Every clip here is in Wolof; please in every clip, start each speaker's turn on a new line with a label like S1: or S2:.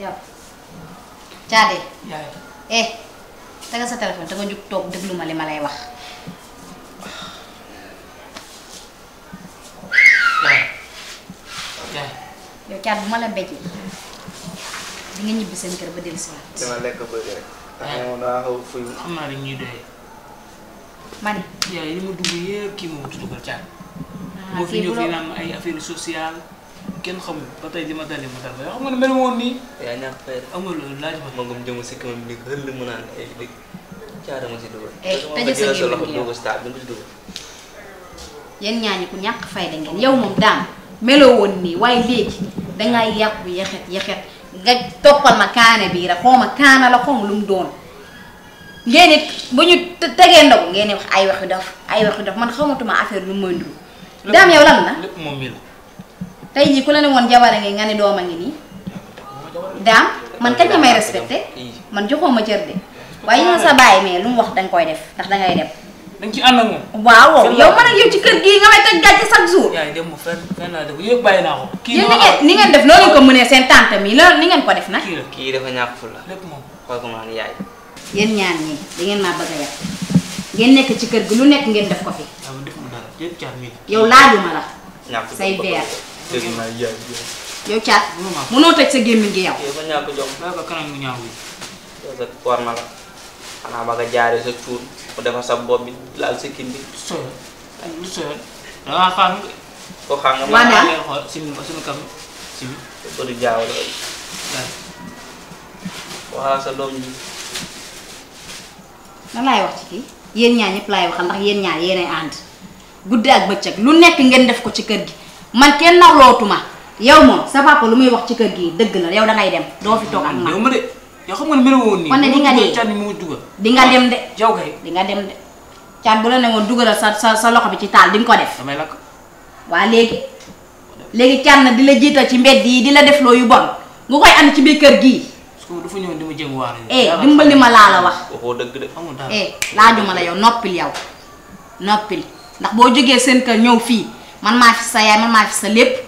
S1: yàpp caade eh danga sa téléphone danga jóg toog déglu li ma lay wax yow caat bu ma la béjee di nga ñibbi seen kër ba dellu si waat
S2: dama
S1: yaay eh. li ma dugg yëpp kii moom ci dugal caat ah, moo fi ñëw fi naan ay
S2: affaire sociale kenn xamul ba tey li ma dalee ma dal ba yow xam
S1: nga ne ku ñàkk fayda ngeen yow moom daam meloo woon nii waaye léegi dangaa yàqu yaxet yaxet nga toppal ma kaane bii rek xaw kaana la xaw ma lu mu doon. ngeen it bu ñu tegee ndogu ngeen wax ay waxi dof ay waxi dof man xamatuma affaire lu mu mën daam yow lan la tey jii ku la ne woon jabara ngi nga ne doom a ngi nii daam man kañ nga may respecté man joxoo ma cër de waaye yow sa bàyyi mais lu mu wax danga koy def ndax dangay dem. dañ ci ànd waaw yow man ak yow ci kër gii nga may toj gàcce
S2: chaque jour. yaay yëpp bàyyi naa ko. kii ni ngeen ni def loolu ko
S1: mënee seen tante mi loolu ni ngeen ko def nag.
S2: kii dafa ñàkk fula. lépp moom xool ma yaay.
S1: yéen ñaan ñii da a yàq nekk ci kër gi lu nekk ngeen def ko fi. yow laajuma la.
S2: say beer dëgg la yaay
S1: yow caat mënoo tëj sa gémmiñ gi yow.
S2: yow sa ñàkk jom ba ko kanam mu ñaaw bi. yow sa war na la xanaa ba nga jaaree sa cuur mu defar sa bopp bi laal sa kindi. sooy lu sooy da ngaa xam. koo xam nga man maa ngi leen xool simi ko simi kam simi. bëri jaawale la. waxal sa doom ji.
S1: lan laay wax ci kii yéen ñaar ñëpp laay waxal ndax yéen ñaar yéenay ànd guddi ak bëccëg lu nekk ngeen def ko ci kër gi. man kenn nawlootuma yow moom sa papa lu muy wax ci kër gi dëgg na yow dangay dem doo fi toog ak
S2: man. ma de yow xam nga ne meloo woon nii. kon ne di nga
S1: di nga dem de. jaw di nga dem de. caat bu la ne woon dugalal sa sa sa loxo bi ci taal di nga ko def. damay lakk. waa léegi léegi caat na di la jiital ci mbedd yi di la def loo yu bon nga koy ànd ci biir kër gii.
S2: dafa ñëw di ma jëm waar. Eh, dimbali ma laa la wax. dëgg de amul dara. Eh,
S1: laajuma la yow noppil yow noppil ndax boo jógee seen kër ñëw fii man maa fi sa yaay man maa fi sa lépp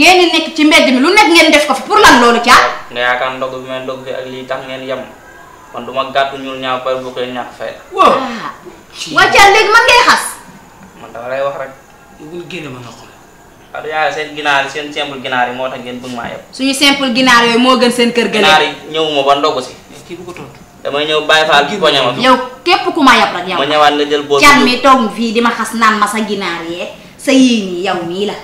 S1: ngeen di nekk ci mbedd mi lu nekk ngeen def ko fi pour lan loolu caa.
S2: nga yaakaar ndog bi may ndog fi ak lii tax ngeen yem kon du ma gàtt ñuul ñaaw pare bu koy ah. wax rek. bul génne ma nga ah, xool. yaay seen ginaar yi seen simple ginaar yi moo tax ngeen bëgg maa yem.
S1: suñu simple ginaar yooyu moo gën seen kër gën ginaar yi
S2: ñëwuma ba ndog si. damay ñëw bàyyi faal bi poñe ma fi. yow
S1: képp ku ma yab rek yow. ma
S2: ñëwaat nga jël boobu
S1: mi toog fii di ma xas naan ma sa ginaar yee sa yii nii yow nii la.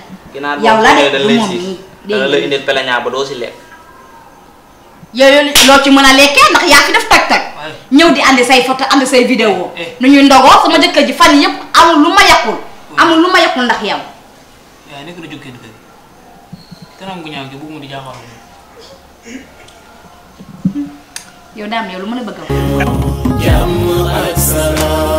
S1: yow la de du moom
S2: nii. dana la ba doo si lekk.
S1: loo ci mën a lekkee ndax yaa fi def tag-tag ñëw di ànd say photo andi say vidéo eh, eh. nu ñuy ndogoo sama jëkkër ji fan yëpp amul lu ma yàqul mm. amul lu ma yàqul ndax yow. yow daam yow lu mën a bëgg a wax. jàmm ak salaam.